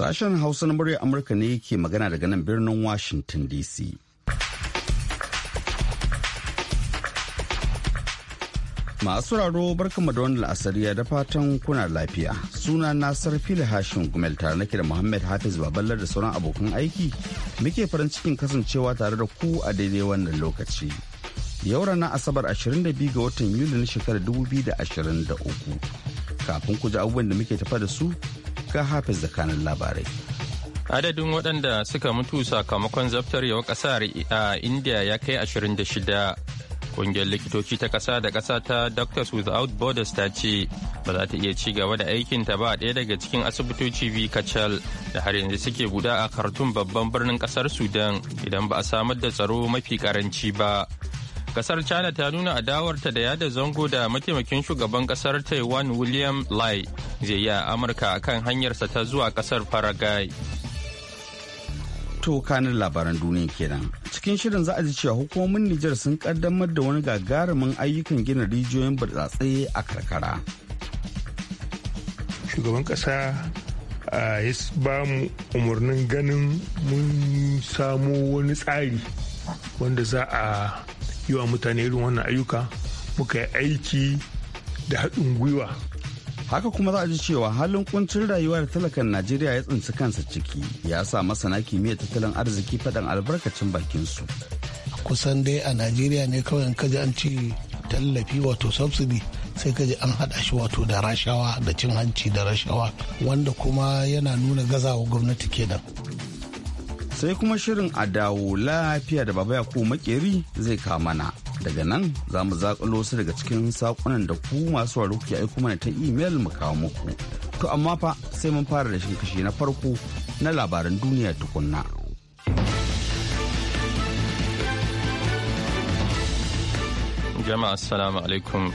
Sashen Hausa na murya Amurka ne ke magana daga nan birnin Washington DC. Masu raro barkanmu da wani la'asariya da fatan kuna lafiya. Suna na da Hashin Gumel tare nake da Muhammad Hafiz Baballar da sauran abokan aiki. Muke farin cikin kasancewa tare da ku a daidai wannan lokaci. Yau ranar Asabar 22 ga watan Yuli na shekarar 2023. Kafin ku ji abubuwan da muke tafa da su, ga hafiz da kanin labarai adadin waɗanda suka mutu sakamakon zaftar yawa ƙasar a india ya kai 26 ƙungiyar likitoci ta ƙasa da ƙasa ta doctors without borders ta ce ba za ta iya ci gaba da aikin ta ba ɗaya daga cikin asibitoci biyu kacal da har yanzu suke guda a kartun babban birnin ƙasar sudan idan ba a samar da tsaro mafi ƙaranci ba kasar china ta nuna adawarta da yada zango da mataimakin shugaban kasar taiwan william lai zai yi a amurka kan hanyarsa ta zuwa kasar paraguay to kanin labaran duniya kenan cikin shirin za a ji cewa hukumomin nijar sun kaddamar da wani gagarumin ayyukan gina rijiyoyin burtsatse a karkara shugaban kasa ya ba mu umarnin ganin mun samu wani tsari wanda za a yi wa mutane irin wannan ayyuka muka yi aiki da haɗin gwiwa haka kuma za a ji cewa halin kuncin rayuwa da talakan najeriya ya tsinci kansa ciki ya sa masana kimiyyar tattalin arziki faɗan albarkacin bakin su kusan dai a najeriya ne kawai in kaji an ci tallafi wato subsidy sai kaji an haɗa shi wato da rashawa da cin hanci da rashawa wanda kuma yana nuna gazawa gwamnati kenan sai kuma shirin a dawo lafiya da baba yakubu makeri zai kamana daga nan za mu zaƙulo su daga cikin saƙonan da ku masu wa ya aiko mana ta imel mu kawo muku to amma fa sai mun fara da shin kashi na farko na labaran duniya tukunna jama'a assalamu alaikum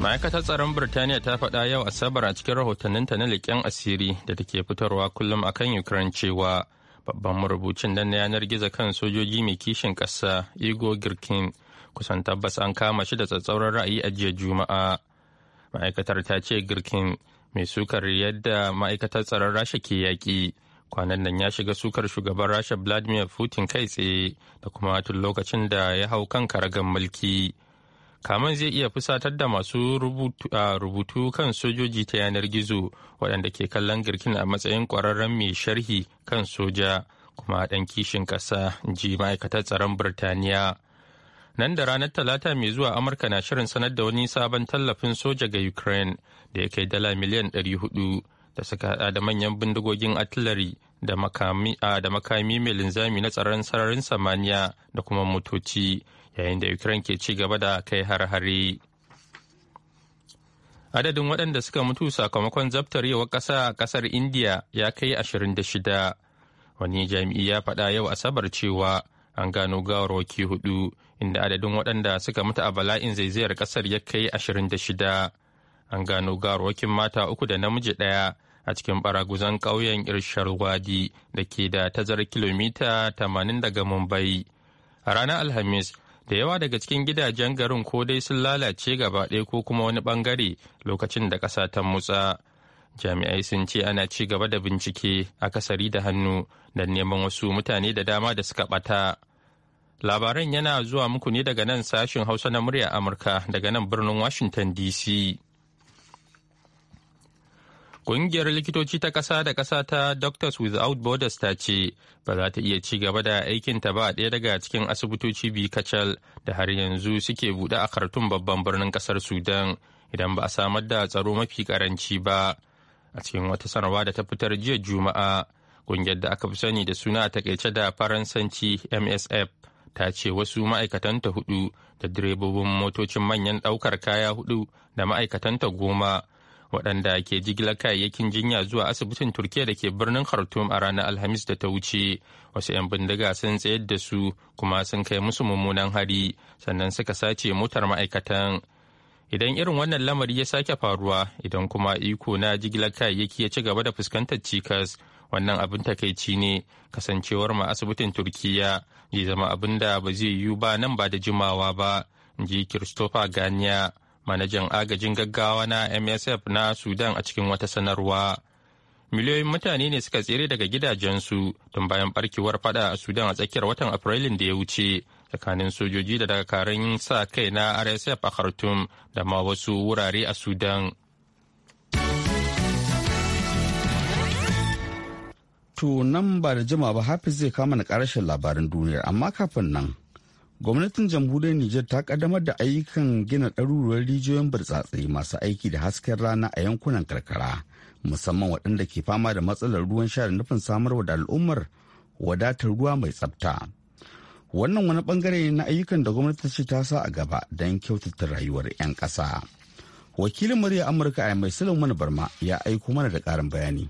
ma'aikatar tsaron birtaniya ta faɗa yau asabar a cikin rahotanninta na leƙen asiri da take fitarwa kullum akan ukraine cewa babban marubucin nan na yanar gizo kan sojoji mai kishin ƙasa igor girkin kusan tabbas an kama shi da tsatsauran ra'ayi a jiya juma'a ma'aikatar ta ce girkin mai sukar yadda ma'aikatar tsaron rasha ke yaƙi kwanan nan ya shiga sukar shugaban rasha vladimir putin kai tsaye da kuma tun lokacin da ya hau kan karagan mulki. kaman zai iya fusatar da masu rubutu kan sojoji ta yanar gizo waɗanda ke kallon girkin a matsayin ƙwararren mai sharhi kan soja kuma ɗan kishin ƙasa ji ma'aikatar tsaron birtaniya nan da ranar talata mai zuwa amurka na shirin sanar da wani sabon tallafin soja ga ukraine da ya kai dala miliyan 400 da suka hada da manyan bindigogin artillery da makami mai linzami na tsaron sararin samaniya da kuma motoci yayin da ukraine ke ci gaba da kai har-hari adadin waɗanda suka mutu sakamakon zabtarewar ƙasa a ƙasar india ya kai 26 wani jami'i ya faɗa yau asabar cewa an gano gawarwaki hudu inda adadin waɗanda suka mutu a bala'in zaizayar ƙasar ya kai 26 an gano gawarwakin mata uku da namiji ɗaya a cikin baraguzan ƙauyen irsharwadi da ke da tazarar kilomita 80 daga mumbai a ranar alhamis da yawa daga cikin gidajen garin ko dai sun lalace gaba ɗaya ko kuma wani ɓangare lokacin da ƙasa ta mutsa jami'ai sun ce ana ci gaba da bincike akasari da hannu don neman wasu mutane da dama da suka ɓata labaran yana zuwa muku ne daga nan sashen hausa na murya amurka daga nan birnin washington dc Ƙungiyar likitoci ta ƙasa da ƙasa ta Doctors Without Borders ta ce ba za ta iya ci gaba da aikinta ba ɗaya daga cikin asibitoci biyu kacal da har yanzu suke buɗe a kartun babban birnin ƙasar Sudan idan ba a samar da tsaro mafi ƙaranci ba. A cikin wata sanarwa da ta fitar jiya Juma'a, ƙungiyar da aka fi sani da suna a takaice da Faransanci MSF ta ce wasu ma'aikatanta hudu da direbobin motocin manyan ɗaukar kaya hudu da ma'aikatanta goma waɗanda ke jigilar kayayyakin jinya zuwa asibitin turkiya da ke birnin khartoum a ranar alhamis da ta wuce wasu 'yan bindiga sun tsayar da su kuma sun kai musu mummunan hari sannan suka sace motar ma'aikatan idan irin wannan lamari ya sake faruwa idan kuma iko na jigilar kayayyaki ya ci gaba da fuskantar cikas wannan abin takaici ne kasancewar ma asibitin turkiya zai zama abin da ba zai yiwu ba nan ba da jimawa ba in ji christopher ganiya manajan agajin gaggawa na msf na sudan a cikin wata sanarwa miliyoyin mutane ne suka tsere daga gidajensu tun bayan barkewar fada a sudan a tsakiyar watan afrilun da ya wuce tsakanin sojoji da dakarun sa kai na rsf a khartoum da ma wasu wurare a sudan to ba da jima ba hafiz zai kama na karashin labaran duniyar amma kafin nan gwamnatin jamhuriyar Nijar ta kaddamar da ayyukan gina ɗaruruwar rijiyoyin burtsatse masu aiki da hasken rana a yankunan karkara musamman waɗanda ke fama da matsalar ruwan sha da nufin samarwa da al'ummar wadatar ruwa mai tsafta. Wannan wani bangare ne na ayyukan da gwamnati ce ta sa a gaba don kyautata rayuwar 'yan ƙasa. Wakilin murya Amurka a mai Sulaiman Barma ya aiko mana da ƙarin bayani.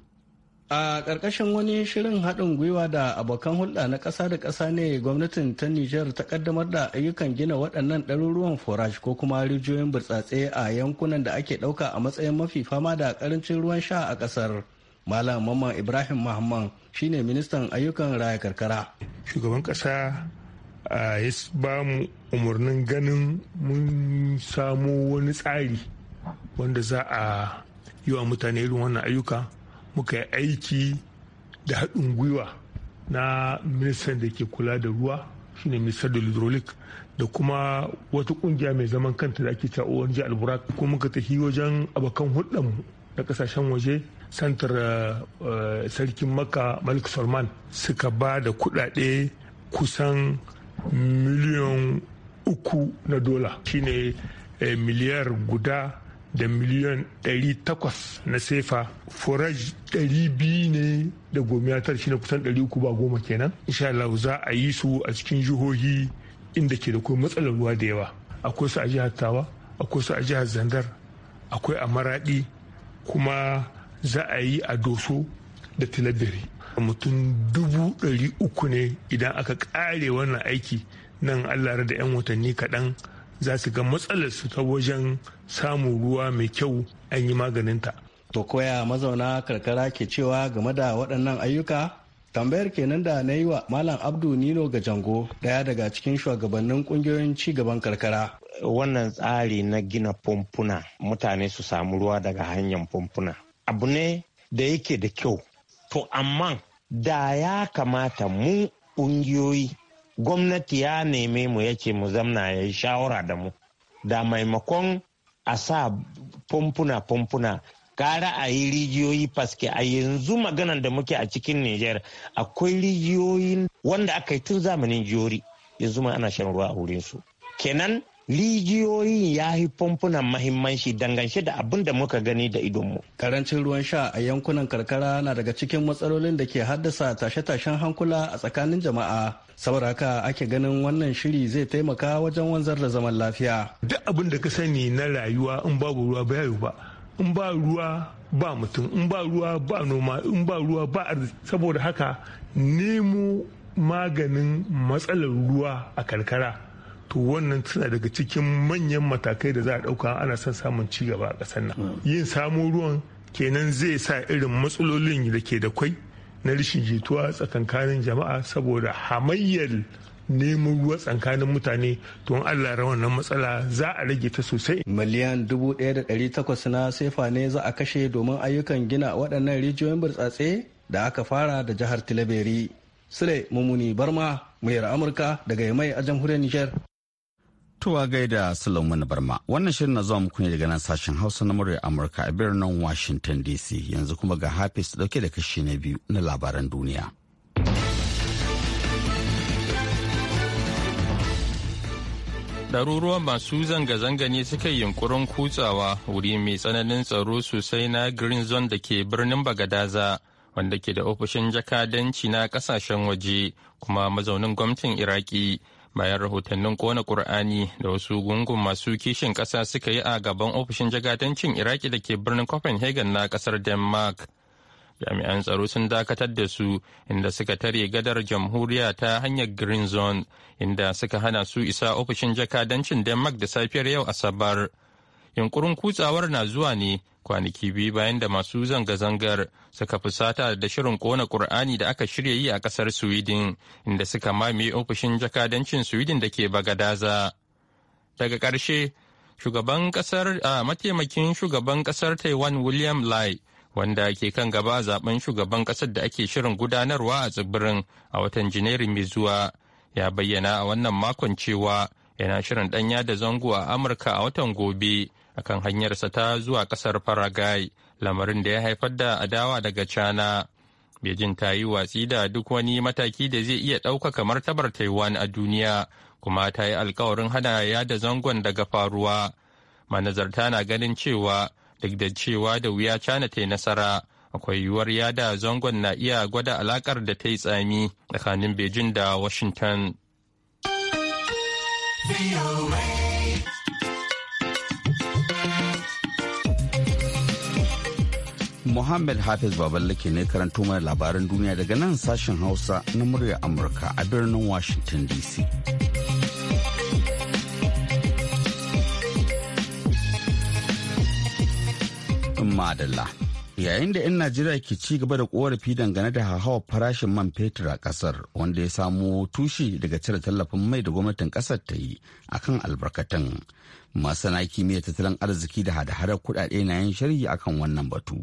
A ƙarƙashin wani shirin haɗin gwiwa da abokan hulɗa na ƙasa da ƙasa ne gwamnatin ta Nijar ta ƙaddamar da ayyukan gina waɗannan ɗaruruwan foraj ko kuma rijiyoyin burtsatse a yankunan da ake ɗauka a matsayin mafi fama da ƙarancin ruwan sha a ƙasar. Malam Mamman Ibrahim Mahamman shine ministan ayyukan raya karkara. Shugaban ƙasa ya ba mu umarnin ganin mun samo wani tsari wanda za a yi wa mutane irin wannan ayyuka. muka yi aiki da haɗin gwiwa na ministan da ke kula da ruwa shine ministan da hydraulic da kuma wata kungiya mai zaman kanta da ake ta ONG alburak kuma muka tafi wajen abokan hulɗarmu na kasashen waje santar eh, sarkin maka malik salman suka ba da kuɗaɗe kusan miliyan uku na dola shine eh, miliyar guda da miliyan 800 na sefa forage 200 ne da gomiyatar shi na kusan 300 ba goma kenan insha Allah za a yi su a cikin jihohi inda ke da kuma matsalar ruwa da yawa akwai su a jihar tawa akwai su a jihar zandar akwai a maradi kuma za a yi a doso da tilabiri mutum dubu ɗari uku ne idan aka ƙare wannan aiki nan allah da 'yan watanni kaɗan za su ga matsalar su ta wajen samun ruwa mai kyau an yi maganinta. To koya mazauna karkara ke cewa game da waɗannan ayyuka? Tambayar kenan da na yi wa Malam Abdu Nino ga jango ɗaya daga cikin shugabannin ƙungiyoyin ci gaban karkara. Wannan tsari na gina fomfuna mutane su samu ruwa daga hanyar fomfuna. Abu ne da yake da kyau. To amma da ya kamata mu ƙungiyoyi gwamnati ya neme mu ya mu zamna ya yi shawara da mu da maimakon a sa fomfuna fomfuna kara a yi rijiyoyi faske a yanzu maganan da muke a cikin Nijar akwai rijiyoyi wanda aka yi tun zamanin jori yanzu ma ana shan ruwa a wurin su kenan rijiyoyin ya yi famfunan mahimmanci dangance da abin da muka gani da idonmu. Karancin ruwan sha a yankunan karkara na daga cikin matsalolin da ke haddasa tashe-tashen hankula a tsakanin jama'a. Saboda haka ake ganin wannan shiri zai taimaka wajen wanzar da zaman lafiya. Duk abin da ka sani na rayuwa in babu ruwa ba yayu ba. In ba ruwa ba mutum, in ba ruwa ba noma, in ba ruwa ba Saboda haka nemo maganin matsalar ruwa a karkara to wannan suna daga cikin manyan matakai da za a ɗauka ana son samun ci gaba a ƙasar nan hmm. yin samun ruwan kenan zai sa irin matsalolin da ke da kwai na rashin jituwa tsakankanin jama'a saboda hamayyar neman ruwa tsakanin mutane to an Allah ra wannan matsala za a rage ta sosai. Miliyan dubu ɗaya da ɗari takwas na sefa ne za a kashe domin ayyukan gina waɗannan rijiyoyin burtsatse da aka fara da jihar Tilaberi. Sule Mumuni Barma, muryar Amurka daga Yamai a jamhuriyar Nijar. Tuwa gaida Sulaiman Barma. Wannan shirin na zuwa muku ne daga nan sashen Hausa na murya Amurka a birnin Washington DC. Yanzu kuma ga Hafiz dauke da kashi na biyu na labaran duniya. Ɗaruruwan masu zanga-zanga ne suka yi yunkurin kutsawa wuri mai tsananin tsaro sosai na Green Zone da ke birnin Bagadaza. wanda ke da ofishin jakadanci na kasashen waje kuma mazaunin gwamnatin iraki bayan rahotannin kona kur'ani da wasu gungun masu kishin ƙasa suka yi a gaban ofishin jagadancin iraki da ke birnin copenhagen na ƙasar denmark jami'an tsaro sun dakatar da su inda suka tare gadar jamhuriya ta hanyar green zone inda suka hana su isa ofishin jakadancin denmark da safiyar yau asabar yunkurin kutsawar na zuwa ne kwanaki biyu bayan da masu zanga-zangar suka fusata da shirin kona Kur'ani da aka shirya yi a kasar Sweden inda suka mamaye ofishin jakadancin Sweden da ke Bagadaza. Daga ƙarshe, shugaban kasar a mataimakin shugaban kasar Taiwan William Lai wanda ke kan gaba a zaben shugaban kasar da ake shirin gudanarwa a tsibirin a watan Janairu mai zuwa ya bayyana a wannan makon cewa yana shirin ɗanya da zango a Amurka a watan gobe. akan hanyarsa ta zuwa kasar Paraguay, lamarin da ya haifar da adawa daga China. Beijing ta yi watsi da duk wani mataki da zai iya ɗauka kamar tabar Taiwan a duniya, kuma ta yi alkawarin hana yada zangon daga faruwa. Manazarta na ganin cewa duk da cewa da wuya cana ta yi nasara, akwai yiwuwar yada zangon na iya gwada alakar da ta yi tsami tsakanin Beijing da Washington. Muhammad Hafiz Baballake ne karanto mai labaran duniya daga nan sashen Hausa na murya Amurka a birnin Washington DC. Madalla. Yayin da 'yan Najeriya ke ci gaba da korafi dangane da hauhawar farashin man fetur a kasar wanda ya samo tushe daga cire tallafin mai da gwamnatin kasar ta yi akan albarkatun. Masana kimiyyar tattalin arziki da hada-hadar kudade na yin sharhi akan wannan batu.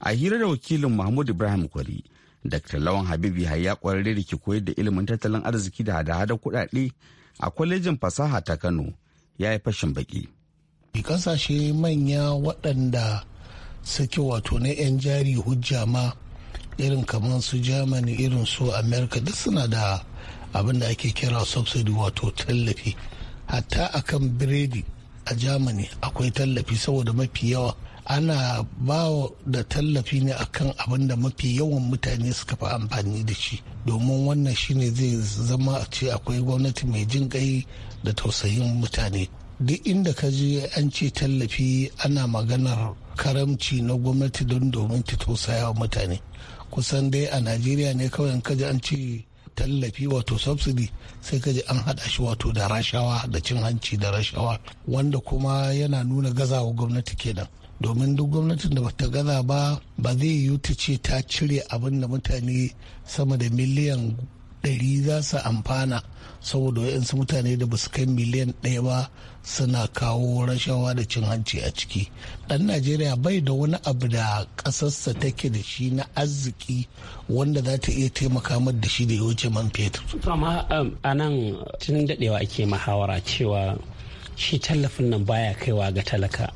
a hira da wakilin mahmud ibrahim kwari dr lawan habibi ya kwararre da ke koyar da ilimin tattalin arziki da hada-hada kudade a kwalejin fasaha ta kano ya yi fashin baki kasashe manya waɗanda suke wato na 'yan jari hujja ma irin kamar su germany irin su america duk suna da abin da ake kira subsidy wato tallafi hatta akan biredi a germany akwai tallafi saboda mafi yawa ana ba da tallafi ne akan abin da mafi yawan mutane suka fi amfani da shi domin wannan shine zai zama a ce akwai gwamnati mai jin kai da tausayin mutane duk inda ka je an ce tallafi ana maganar karamci na gwamnati don domin ta tausaya wa mutane kusan dai a najeriya ne kawai kaji an ce tallafi wato subsidy sai kaji an haɗa shi wato da rashawa da cin hanci da rashawa wanda kuma yana nuna gazawa gwamnati kenan domin duk gwamnatin da bata gaza ba ba zai yiwu ta ce ta cire abin da mutane sama da miliyan ɗari za su amfana saboda waɗansu mutane da ba su kai miliyan ɗaya ba suna kawo rashawa da cin hanci a ciki ɗan najeriya bai da wani abu da ƙasarsa take da shi na arziki wanda za ta iya taimaka mar da shi da ya wuce man fetur amma um, a nan tun daɗewa ake mahawara cewa shi tallafin nan baya kaiwa ga talaka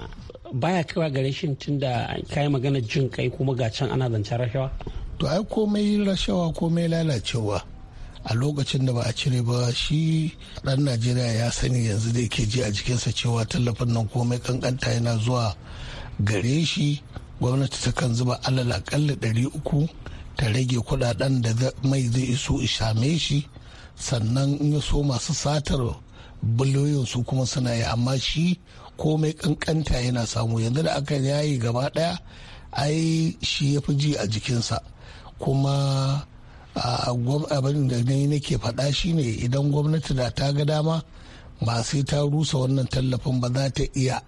baya kaiwa gare shi da kayi magana jin kai kuma ga can ana zancen rashawa to ai komai rashawa komai lalacewa a lokacin da ba a cire ba shi ɗan najeriya ya sani yanzu da yake ji a jikinsa cewa tallafin nan komai kankanta yana zuwa gare shi gwamnati ta kan zuba alal akalla ɗari uku ta rage kuɗaɗen da mai zai iso ishame shi sannan in ya so masu satar biliyoyin su kuma suna yi amma shi komai kankanta yana samu yanzu da aka yayi gaba daya ai shi ya fi ji a jikinsa kuma abin da ne nake faɗa shine idan gwamnati da ta ga dama ba sai ta rusa wannan tallafin ba za ta iya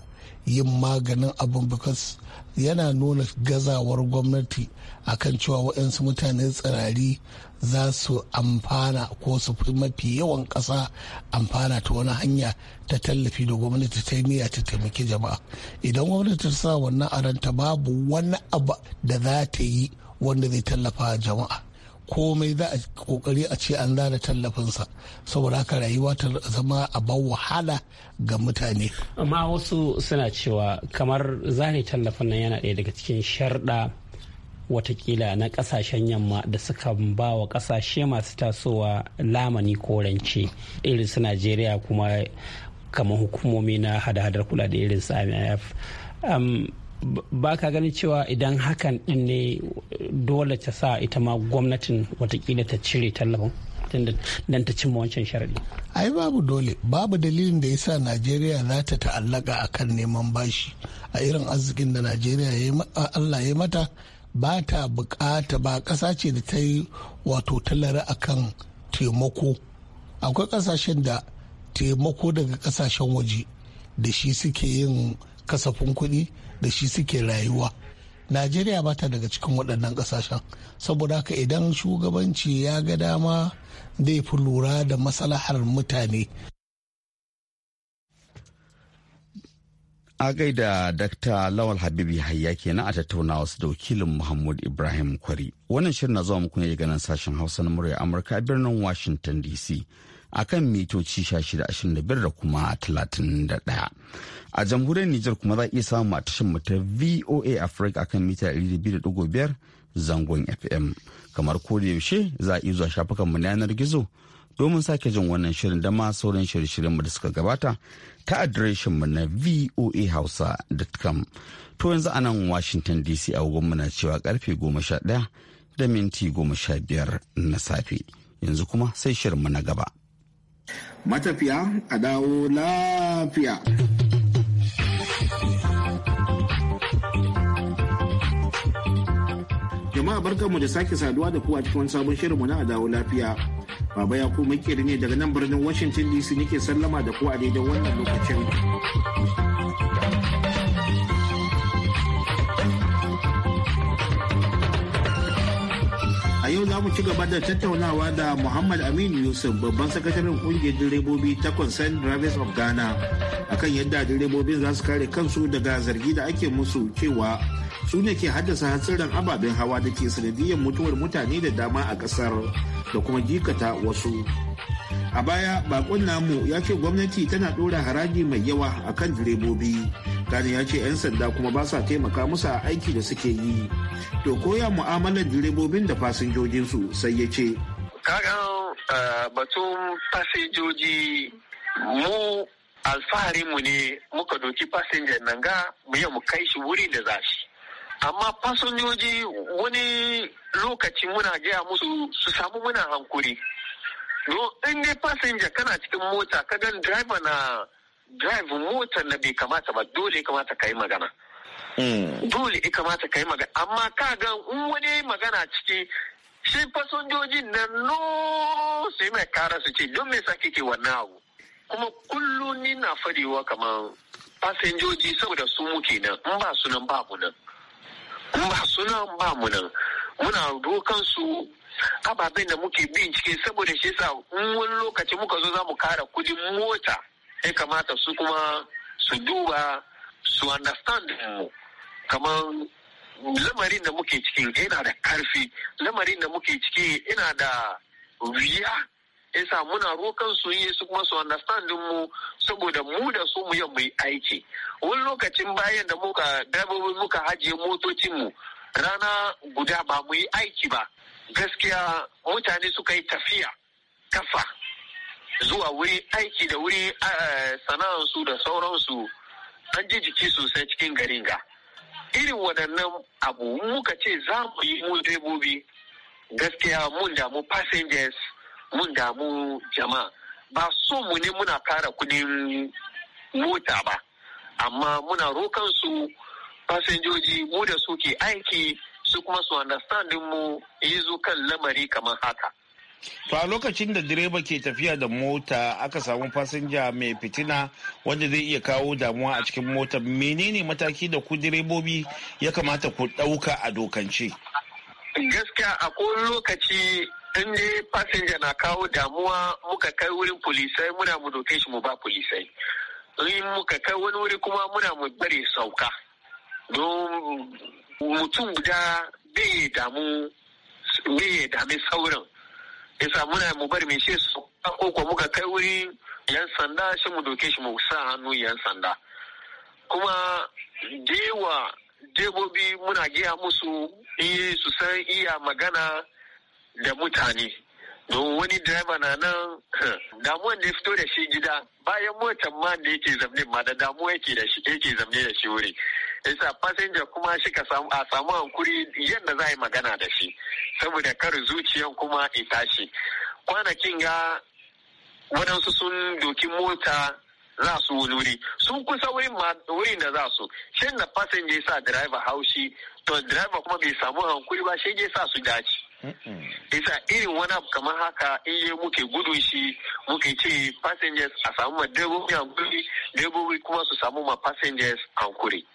yin maganin abin bukas yana nuna gazawar gwamnati a kan cewa waɗansu mutane tsirari za su amfana ko su fi mafi yawan ƙasa amfana ta wani hanya ta tallafi da gwamnati ta yi niyya ta taimaki jama'a idan gwamnati ta sa wannan aranta babu wani abu da za ta yi wanda zai tallafa jama'a komai za a kokari a ce an zara tallafinsa saboda haka rayuwa ta zama abin wahala ga mutane amma wasu suna cewa kamar zare tallafin nan yana ɗaya daga cikin sharɗa watakila na ƙasashen yamma da suka ba wa kasashe masu tasowa lamani ko Irinsu irin su najeriya kuma kamar hukumomi na hada-hadar kula da irin su imf ba ka ganin cewa idan hakan din ne dole ta sa ita ma gwamnatin watakila ta cire tallafin don ta cimma wancan sharadi. ai babu dole babu dalilin da yasa najeriya za ta ta'allaka akan neman bashi a irin arzikin da najeriya allah ya mata ba ta bukata ba kasa ce da ta yi wato talara akan taimako akwai kasashen da taimako daga kasashen waje da shi suke yin kasafin kuɗi da shi suke rayuwa najeriya ba ta daga cikin waɗannan ƙasashen saboda haka idan shugabanci ya ga dama zai fi lura da maslahar mutane a gaida Dr. Lawal habibi Hayya kenan a tattaunawa su da wakilin Muhammad Ibrahim Kwari. Wannan shirin na zuwa muku ne ganin sashen Hausa na murya Amurka a birnin Washington DC. a kan mitoci 1625 da kuma 31. A jamhuriyar Nijar kuma za a iya samun matashin mu ta VOA Africa a kan mita 200.5 zangon FM. Kamar yaushe za a iya zuwa shafukanmu na yanar gizo domin sake jin wannan shirin da ma sauran shirye-shiryenmu da suka gabata ta mu na voa hausa.com To yanzu a nan Washington DC a mu muna cewa karfe 11 da minti 15 na safe. Yanzu kuma sai shirin mu na gaba. Matafiya a dawo lafiya. Jama'a barkanmu da sake saduwa da kuwa cikin sabon shirinmu na a dawo lafiya. Baba ya kuma makeri ne daga nan birnin Washington DC nake sallama da ku a daidai wannan lokacin. yau za mu ci gaba da tattaunawa da Muhammad Aminu Yusuf babban sakataren kungiyar direbobi ta Concerned Drivers of Ghana akan yadda direbobin za su kare kansu daga zargi da ake musu cewa su ne ke haddasa hatsarin ababen hawa da ke sanadiyar mutuwar mutane da dama a kasar da kuma jikata wasu. A baya bakon namu ya ce gwamnati tana ɗora haraji mai yawa akan direbobi. Kani ya ce 'yan sanda kuma ba sa taimaka musu a aiki da suke yi. To koya mu'amalar direbobin da fasinjojinsu sai ya ce. Eh, batun fasinjoji mu mu ne muka doki fasinjan nan ga mu yi mu kai shi wuri da za shi. Amma fasinjoji wani lokaci muna gaya musu su samu muna hankuri. in dai fasinja kana cikin mota gan driver na drive motar na bai kamata ba dole ya kamata ka yi magana. Hmm. Dole ya kamata ka yi magana amma ka ga wani ya yi magana cikin shi fasinjojin na no sai mai kara su ce don me sa kike wannan abu. Kuma kullum ni na fadewa kamar fasinjoji saboda su muke nan in ba su nan ba mu nan. In ba su nan ba mu nan. Muna rokan su ababen da muke bin cikin saboda shi sa wani lokaci muka zo za mu kara kudin mota sai kamata su kuma su duba su understand mu kamar lamarin da muke ciki yana da karfi lamarin da muke ciki yana da wuya yasa muna rokan su yi su kuma su understand mu saboda mu da su mu yau mai aiki wani lokacin bayan da muka dabobin muka hajiye motocin mu rana guda ba mu yi aiki ba gaskiya mutane suka yi tafiya kafa zuwa wuri aiki da wuri sana'ansu da sauransu an ji jiki sosai cikin garin ga irin waɗannan abu muka ce za mu yi mu debobi gaskiya mun damu passengers mun damu jama'a ba so mu ne muna kara kudin mota ba amma muna rokan su fasinjoji mu da suke aiki su kuma su understanding mu yi zo kan lamari kamar haka To a lokacin da direba ke tafiya da mota aka samu fasinja mai fitina wanda zai iya kawo damuwa a cikin mota menene mataki da ku direbobi ya kamata ku ɗauka a dokance? Gaskiya a kowane lokaci in dai fasinja na kawo damuwa muka kai wurin polisai muna mu doke shi mu ba polisai. In muka kai wani wuri kuma muna mu bari sauka. Don mutum guda bai damu bai dami sauran. yasa muna mu bari mai ce su ko ko muka kai wuri yan sanda shi mu doke shi mu sa hannu yan sanda kuma dewa debobi muna giya musu iye su san iya magana da mutane don wani direba na nan damuwan da ya fito da shi gida bayan motar ma da yake zamne ma da damuwa yake da yake zamne da shi wuri isa fasinja kuma shi ka samu a samu hankuri yadda za a yi magana da shi saboda kar zuciyan kuma ya tashi kwanakin ga waɗansu sun doki mota za su wani sun kusa wurin da za su shi da fasinja sa driver haushi to driver kuma bai samu hankuri ba shi ya sa su dace isa irin wani abu kamar haka in yi muke gudun shi muke ce passengers a samu ma dabobi hankuri kuma su samu ma passengers hankuri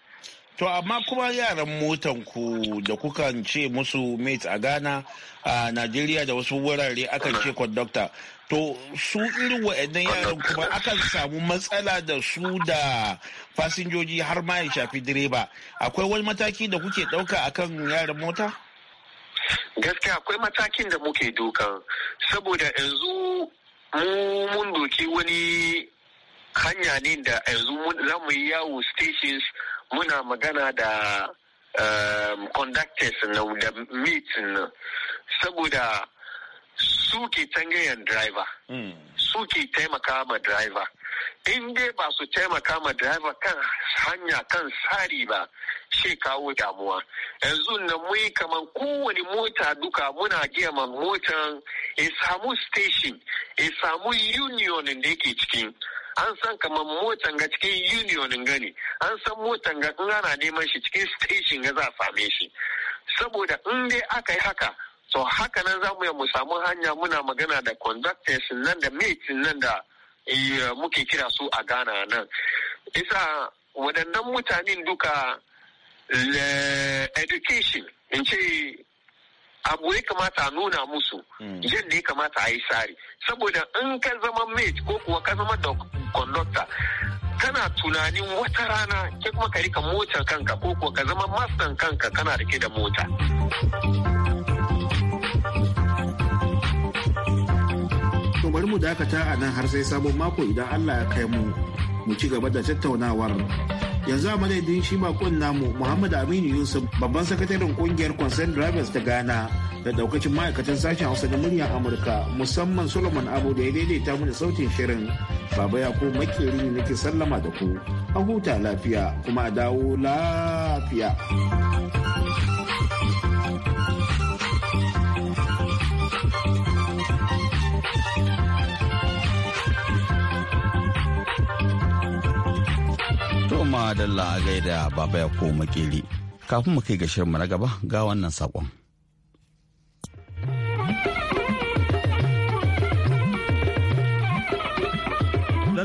To amma kuma yaran motan ku da kuka ce musu mate a Ghana a Najeriya da wasu wurare akan ce conductor. To su irin wa'annan yaran kuma akan samu matsala da su da fasinjoji har ma ya shafi direba. Akwai wani mataki da kuke ɗauka akan yaran mota? Gaskiya akwai matakin da muke doka saboda yanzu mu mun doki wani hanya ne da yanzu za mu yi yawo stations muna magana da um, conductors na da meet na saboda suke tangayen driver hmm. suke taimaka ma driver in dai ba su taimaka ma driver kan hanya kan tsari ba shi kawo damuwa yanzu na mai kamar kowane mota duka muna giya ma motan ya samu station ya samu union da yake cikin an san kamar motan ga cikin unionin gani an san motan ga in ana neman shi cikin station ga za a same shi saboda in dai aka yi haka so haka nan za mu mu samu hanya muna magana da conductors nan da mates nan da eh, muke kira su a ghana nan isa waɗannan mutanen duka education in ce abu ya kamata a nuna musu hmm. yadda ya kamata a yi sari saboda in ka zama mate ko kuwa ka zama doctor conductor kana tunanin wata rana ke kuma ka rika motar kanka ko kuwa ka zama mastan kanka kana rike da mota to mu dakata a nan har sai sabon mako idan Allah ya kai mu mu ci gaba da tattaunawar yanzu a madadin shi bakon namu muhammad aminu yusuf babban sakataren kungiyar concern drivers ta ghana da daukacin ma'aikatan sashen hausa na muryar amurka musamman solomon abu da ya daidaita mu da sautin shirin baba ya ko makeri nake sallama da ku a huta lafiya kuma a dawo lafiya Toma Dalla a gaida Baba ko Makeri. Kafin mu kai ga shirinmu na gaba ga wannan saƙon.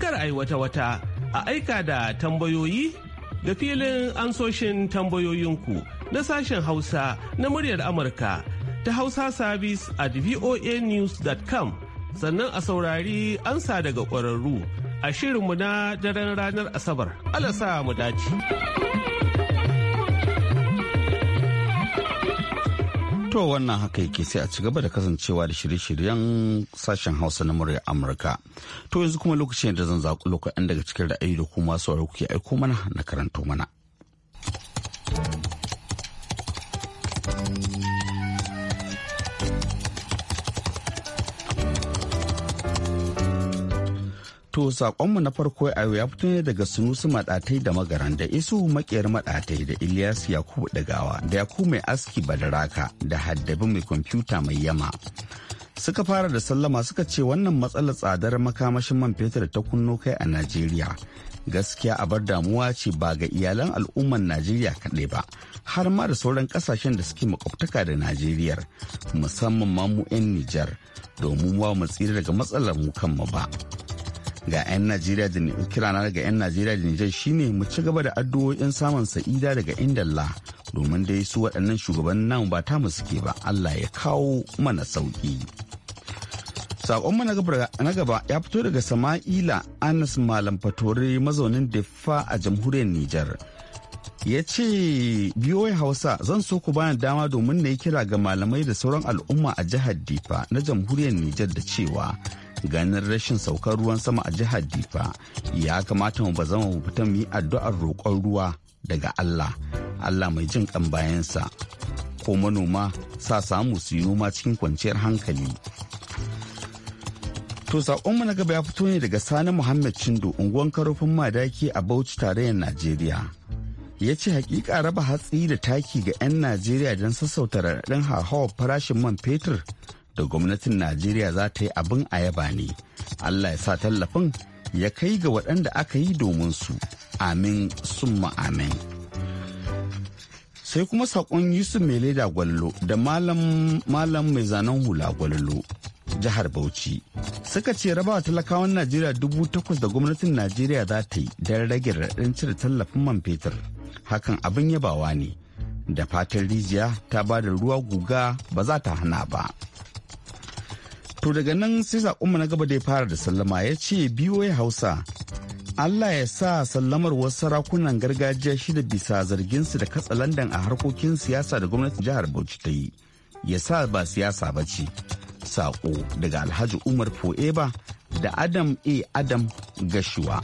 kar a yi wata-wata a aika da tambayoyi da filin ansoshin tambayoyinku na sashen hausa na muryar amurka ta hausa service at voanews.com sannan a saurari ansa daga ƙwararru a shirinmu na daren ranar asabar alasa mu dace. To wannan haka yake sai a ci gaba da kasancewa da shirye-shiryen sashen Hausa na murya Amurka. To yanzu kuma lokacin da zan zaƙi lokacin daga cikin ra'ayi da kuma sauraro kuke aiko mana na karanto mana. To saƙonmu na farko a ya fito ne daga sunusu maɗatai da magaran da isu maƙera maɗatai da Ilyas Yakubu Dagawa da yaku mai aski badaraka da haddabi mai kwamfuta mai yama. Suka fara da sallama suka ce wannan matsalar tsadar makamashin man fetur ta kunno kai a Najeriya. Gaskiya abar damuwa ce ba ga iyalan al'umman Najeriya kaɗai ba, har ma da sauran ƙasashen da suke makwabtaka da Najeriya, musamman mamu mu 'yan Nijar, domin wa mu tsira daga matsalar mu kanmu ba. ga 'yan najeriya da kirana daga 'yan najeriya da nijar shine mu ci gaba da addu'o'in samun sa'ida daga indalla domin dai su waɗannan shugaban nan ba ta mu suke ba allah ya kawo mana sauki saƙonmu na gaba ya fito daga sama'ila anas malam fatore mazaunin defa a jamhuriyar nijar ya ce biyoyi hausa zan so ku bani dama domin na yi kira ga malamai da sauran al'umma a jihar difa na jamhuriyar nijar da cewa ganin rashin saukar ruwan sama a jihar Difa ya kamata mu bazama mu fita mu yi addu'ar roƙon ruwa daga Allah Allah mai jin kan bayansa ko manoma sa samu su yi noma cikin kwanciyar hankali To saƙonmu na gaba ya fito ne daga Sani Muhammad Chindo unguwan karofin madaki a Bauchi tarayyar Najeriya. Ya ce hakika raba hatsi da taki ga 'yan Najeriya don sassauta raɗaɗin hauhawar farashin man fetur da gwamnatin najeriya za ta yi abin a yaba ne allah ya sa tallafin ya kai ga waɗanda aka yi domin su amin summa amin sai kuma saƙon yusuf mai leda gwallo da malam mai zanen hula gwallo jihar bauchi suka ce rabawa talakawan najeriya dubu takwas da gwamnatin najeriya za ta yi don rage raɗin cire tallafin man fetur hakan abin yabawa ne da fatan rijiya ta ba da ruwa guga ba za ta hana ba. To daga nan sai saƙonmu na gaba da ya fara da sallama ya ce ya Hausa. Allah ya sa sallamar wasu sarakunan gargajiya shida bisa zarginsu da katsa landan a harkokin siyasa da gwamnatin jihar Bauchi ta yi. Ya sa ba siyasa ba ce. Saƙo daga Alhaji Umar Fo'eba da Adam A. Adam Gashuwa.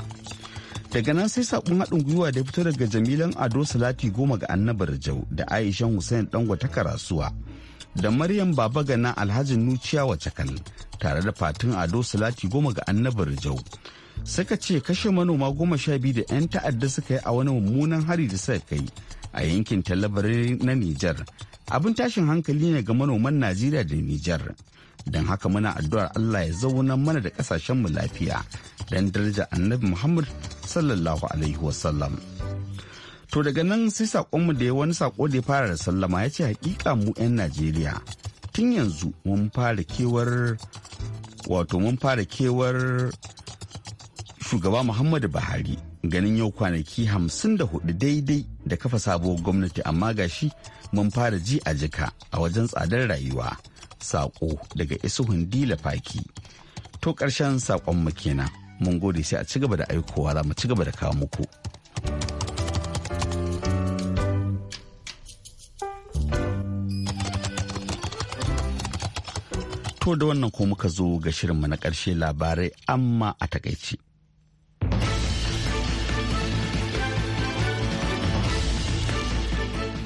daga nan sai saƙon haɗin gwiwa da ya fito daga jamilan ado salati goma ga annabar jau da aisha hussein dangwa ta karasuwa da Maryam Babaga na Alhaji Nuciya wa Cakal tare da Fatin Ado Salati goma ga annabar Jau. Suka ce kashe manoma goma sha biyu da 'yan ta'adda suka yi a wani mummunan hari da suka kai a yankin talabarai na Nijar. Abin tashin hankali ne ga manoman Najeriya da Nijar. Don haka muna addu'ar Allah ya zauna mana da kasashenmu lafiya dan daraja annabi Muhammad sallallahu alaihi wasallam. To daga nan sai saƙonmu da ya wani saƙo da ya fara da sallama ya ce hakika mu 'yan Najeriya tun yanzu mun fara kewar wato mun fara kewar shugaba Muhammadu Buhari ganin yau kwanaki hamsin da hudu daidai da kafa sabuwar gwamnati amma gashi mun fara ji a jika a wajen tsadar rayuwa saƙo daga isuhun dila faki to ƙarshen saƙonmu kenan mun gode sai a ci gaba da aikowa za mu ci gaba da kawo muku. To da wannan ko muka zo ga shirinmu na ƙarshe labarai amma a takaici.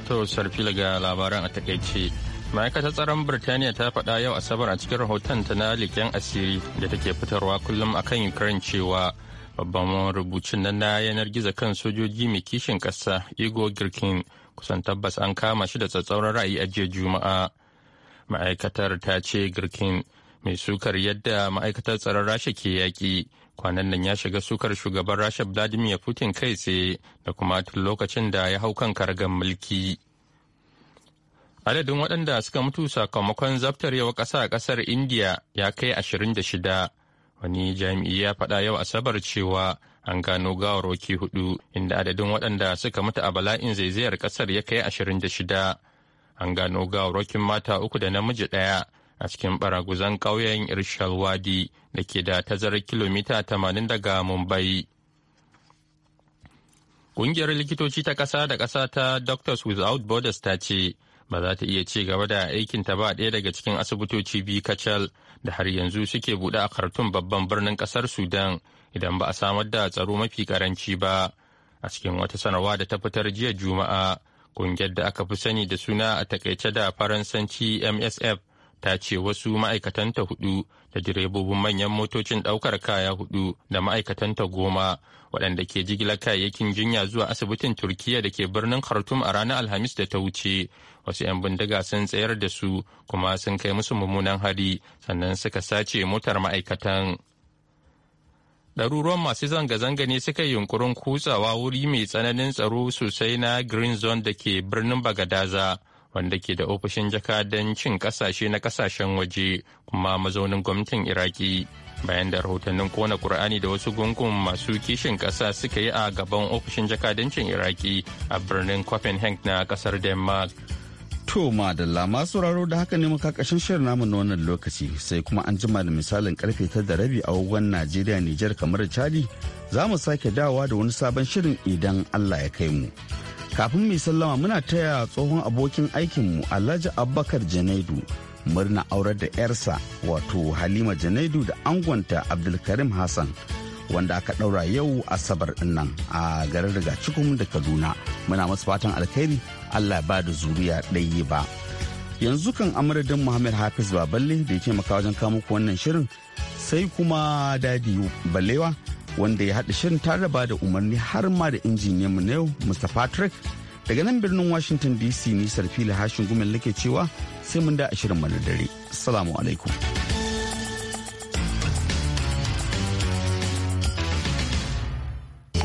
To sarfila ga labaran a takaice. Ma'aikatar tsaron Birtaniya ta faɗa yau Asabar a cikin rahoton ta na leƙen asiri da take fitarwa kullum a kan Ukraine cewa babban rubucin nan na yanar gizo kan sojoji mai kishin ƙasa Igor Girkin kusan tabbas an kama shi da tsatsauran ra'ayi a jiya Juma'a. ma'aikatar ta ce girkin mai sukar yadda ma'aikatar tsaron rasha ke yaƙi kwanan nan ya shiga sukar shugaban rasha vladimir putin kai tsaye da kuma tun lokacin da ya hau kan kargan mulki adadin waɗanda suka mutu sakamakon zaftar yawa ƙasa a ƙasar india ya kai ashirin da shida wani jami'i ya faɗa yau asabar cewa an gano gawarwaki hudu inda adadin waɗanda suka mutu a bala'in zaizayar ƙasar ya kai ashirin da shida an gano gawarwakin mata uku da namiji ɗaya a cikin baraguzan ƙauyen irshalwadi da ke da tazarar kilomita 80 daga mumbai Ƙungiyar likitoci ta ƙasa da ƙasa ta Doctors Without Borders ta ce ba za ta iya ci gaba da aikinta ba ɗaya daga cikin asibitoci biyu kacal da har yanzu suke buɗe a Khartoum babban birnin ƙasar Sudan idan ba a samar da tsaro mafi ƙaranci ba. A cikin wata sanarwa da ta fitar jiya Juma'a, kungiyar da aka fi sani da suna a takaice da Faransanci MSF ta ce wasu ma'aikatanta hudu da direbobin manyan motocin ɗaukar kaya hudu da ma'aikatanta goma waɗanda ke jigilar kayayyakin jinya zuwa asibitin Turkiyya da ke birnin Khartoum a ranar Alhamis da ta wuce. Wasu 'yan bindiga sun tsayar da su kuma sun kai musu mummunan hari sannan suka sace motar ma'aikatan. ɗaruruwan masu zanga-zanga ne suka yi yunkurin kutsawa wuri mai tsananin tsaro sosai na green zone da ke birnin bagadaza wanda ke da ofishin jakadancin ƙasashe na ƙasashen waje kuma mazaunin gwamnatin iraki bayan da rahotannin kona kur'ani da wasu gungun masu kishin ƙasa suka yi a gaban ofishin jakadancin iraki a birnin copenhagen na ƙasar denmark To da lama sauraro da haka ne muka kashin shirin namu na wannan lokaci sai kuma an jima da misalin karfe ta da rabi a wagon Najeriya Nijar kamar Chadi za mu sake dawa da wani sabon shirin idan Allah ya kai mu. Kafin mai sallama muna taya tsohon abokin aikinmu Alhaji Abubakar Janaidu murna aurar da 'yarsa wato Halima Janaidu da angonta Abdulkarim Hassan wanda aka ɗaura yau Asabar ɗin nan a garin Rigacikun da Kaduna. Muna masu fatan alkhairi Allah ba da zuriya ɗaya ba. Yanzu kan amuradin Muhammad Hafiz Baballe da ya maka wajen kamo wannan shirin sai kuma Dadi Balewa wanda ya haɗa shirin tare ba da umarni har ma da injiniyan mu na yau Mr. Patrick. Daga nan birnin Washington DC ni Sarfila Hashin Gumel lake cewa sai mun da shirin mu na dare. Assalamu alaikum.